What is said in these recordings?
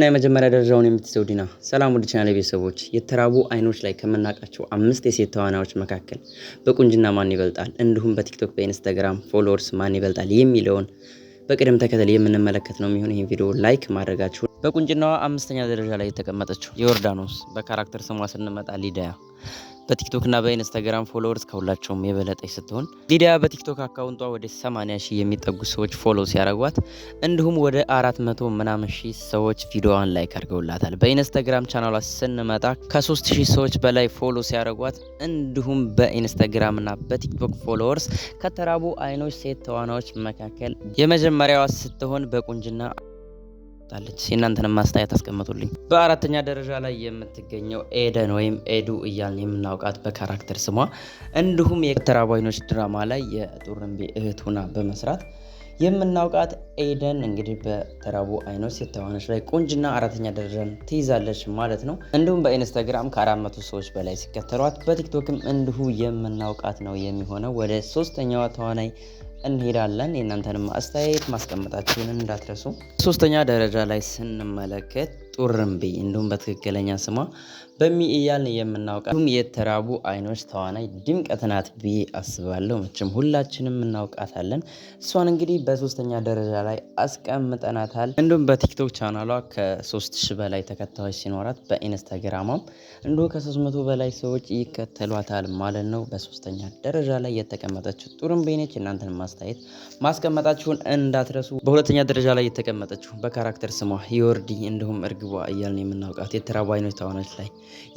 እና የመጀመሪያ ደረጃውን የምትይዘው ዲና። ሰላም ውድ ቻናል ቤተሰቦች፣ የተራቡ አይኖች ላይ ከምናውቃቸው አምስት የሴት ተዋናዮች መካከል በቁንጅና ማን ይበልጣል እንዲሁም በቲክቶክ በኢንስታግራም ፎሎወርስ ማን ይበልጣል የሚለውን በቅደም ተከተል የምንመለከት ነው የሚሆን። ይህን ቪዲዮ ላይክ ማድረጋችሁ። በቁንጅናዋ አምስተኛ ደረጃ ላይ የተቀመጠችው የዮርዳኖስ፣ በካራክተር ስሟ ስንመጣ ሊዳያ በቲክቶክ እና በኢንስታግራም ፎሎወርስ ከሁላቸውም የበለጠች ስትሆን ሊዲያ በቲክቶክ አካውንቷ ወደ 80 ሺህ የሚጠጉ ሰዎች ፎሎ ሲያደርጓት እንዲሁም ወደ 400 ምናምን ሺህ ሰዎች ቪዲዮዋን ላይክ አድርገውላታል። በኢንስታግራም ቻናሏ ስንመጣ ከ3000 ሰዎች በላይ ፎሎ ሲያደርጓት እንዲሁም በኢንስታግራም እና በቲክቶክ ፎሎወርስ ከተራቡ አይኖች ሴት ተዋናዎች መካከል የመጀመሪያዋ ስትሆን በቁንጅና ወጣለች። የእናንተንም ማስተያየት አስቀምጡልኝ። በአራተኛ ደረጃ ላይ የምትገኘው ኤደን ወይም ኤዱ እያልን የምናውቃት በካራክተር ስሟ እንዲሁም የተራባይኖች ድራማ ላይ የጡርንቤ እህት ሁና በመስራት የምናውቃት ኤደን እንግዲህ በተራቡ አይኖች ሴት ተዋናዮች ላይ ቁንጅና አራተኛ ደረጃን ትይዛለች ማለት ነው። እንዲሁም በኢንስታግራም ከአራት መቶ ሰዎች በላይ ሲከተሏት በቲክቶክም እንዲሁ የምናውቃት ነው የሚሆነው። ወደ ሶስተኛዋ ተዋናይ እንሄዳለን። የእናንተንም አስተያየት ማስቀመጣችሁን እንዳትረሱ። ሶስተኛ ደረጃ ላይ ስንመለከት ጡርምቤ እንዲሁም በትክክለኛ ስሟ በሚ እያልን የምናውቃት የተራቡ አይኖች ተዋናይ ድምቀት ናት ብዬ አስባለሁ። መቼም ሁላችንም እናውቃታለን። እሷን እንግዲህ በሶስተኛ ደረጃ ላይ አስቀምጠናታል። እንዲሁም በቲክቶክ ቻናሏ ከሶስት ሺህ በላይ ተከታዮች ሲኖራት በኢንስታግራሟም እንዲሁ ከሶስት መቶ በላይ ሰዎች ይከተሏታል ማለት ነው። በሶስተኛ ደረጃ ላይ የተቀመጠችው ጩርምቢ ነች። እናንተን ማስተያየት ማስቀመጣችሁን እንዳትረሱ። በሁለተኛ ደረጃ ላይ የተቀመጠችው በካራክተር ስሟ ዮርዲ እንዲሁም እርግ ግባ እያልን የምናውቃት የተራቡ አይኖች ታሆነች ላይ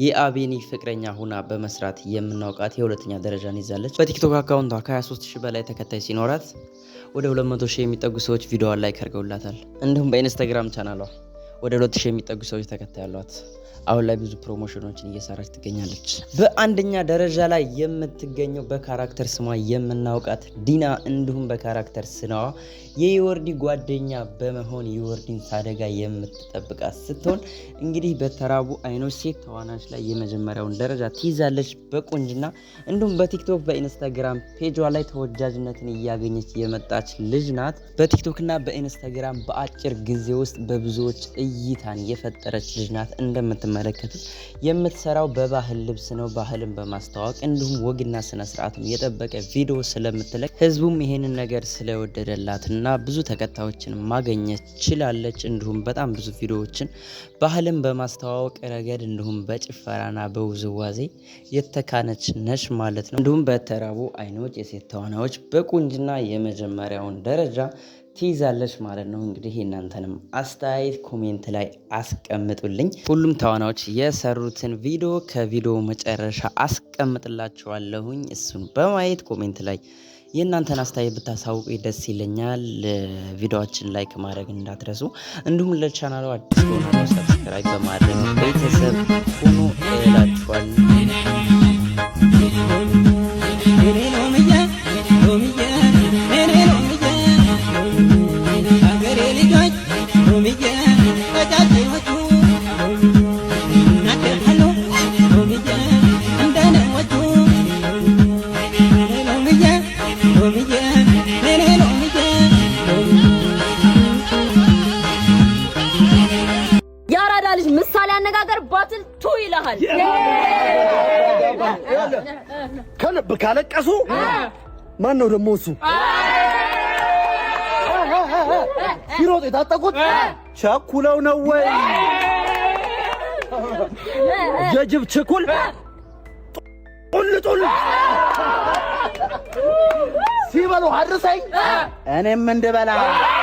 የአቤኒ ፍቅረኛ ሁና በመስራት የምናውቃት የሁለተኛ ደረጃን ይዛለች። በቲክቶክ አካውንቷ ከ23 ሺህ በላይ ተከታይ ሲኖራት ወደ 200 ሺህ የሚጠጉ ሰዎች ቪዲዮዋን ላይ ከርገውላታል። እንዲሁም በኢንስታግራም ቻናሏ ወደ 200 የሚጠጉ ሰዎች ተከታይ ያሏት አሁን ላይ ብዙ ፕሮሞሽኖችን እየሰራች ትገኛለች። በአንደኛ ደረጃ ላይ የምትገኘው በካራክተር ስሟ የምናውቃት ዲና እንዲሁም በካራክተር ስናዋ የወርዲ ጓደኛ በመሆን የወርዲን ሳደጋ የምትጠብቃት ስትሆን እንግዲህ በተራቡ አይኖች ሴት ተዋናች ላይ የመጀመሪያውን ደረጃ ትይዛለች በቁንጅና እንዲሁም በቲክቶክ በኢንስታግራም ፔጇ ላይ ተወዳጅነትን እያገኘች የመጣች ልጅ ናት። በቲክቶክና በኢንስታግራም በአጭር ጊዜ ውስጥ በብዙዎች እይታን የፈጠረች ልጅ ናት። እንደምትመለከቱት የምትሰራው በባህል ልብስ ነው። ባህልን በማስተዋወቅ እንዲሁም ወግና ስርዓትም የጠበቀ ቪዲዮ ስለምትለቅ ህዝቡም ይሄንን ነገር ስለወደደላትና ብዙ ተከታዮችን ማገኘት ችላለች። እንዲሁም በጣም ብዙ ቪዲዮዎችን ባህልን በማስተዋወቅ ረገድ እንዲሁም በጭፈራና በውዝዋዜ የተካነች ነች ማለት ነው። እንዲሁም በተራቡ አይኖች የሴት ተዋናዮች በቁንጅና የመጀመሪያውን ደረጃ ትይዛለች ማለት ነው። እንግዲህ እናንተንም አስተያየት ኮሜንት ላይ አስቀምጡልኝ። ሁሉም ታዋናዎች የሰሩትን ቪዲዮ ከቪዲዮ መጨረሻ አስቀምጥላችኋለሁኝ። እሱን በማየት ኮሜንት ላይ የእናንተን አስተያየት ብታሳውቁ ደስ ይለኛል። ቪዲዮችን ላይክ ማድረግ እንዳትረሱ፣ እንዲሁም ለቻናሉ አዲስ ሆና ሰብስክራይብ በማድረግ ቤተሰብ ሆኖ እላችኋል። የአራዳ ልጅ ምሳሌ አነጋገር ባትል ቱ ይልሃል። ከልብ ካለቀሱ ማን ነው ደግሞ እሱ? ሲሮጥ የታጠቁት ቸኩለው ነው ወይ? የጅብ ችኩል ጡል ጡል ሲበሉ አድርሰኝ እኔም እንድበላ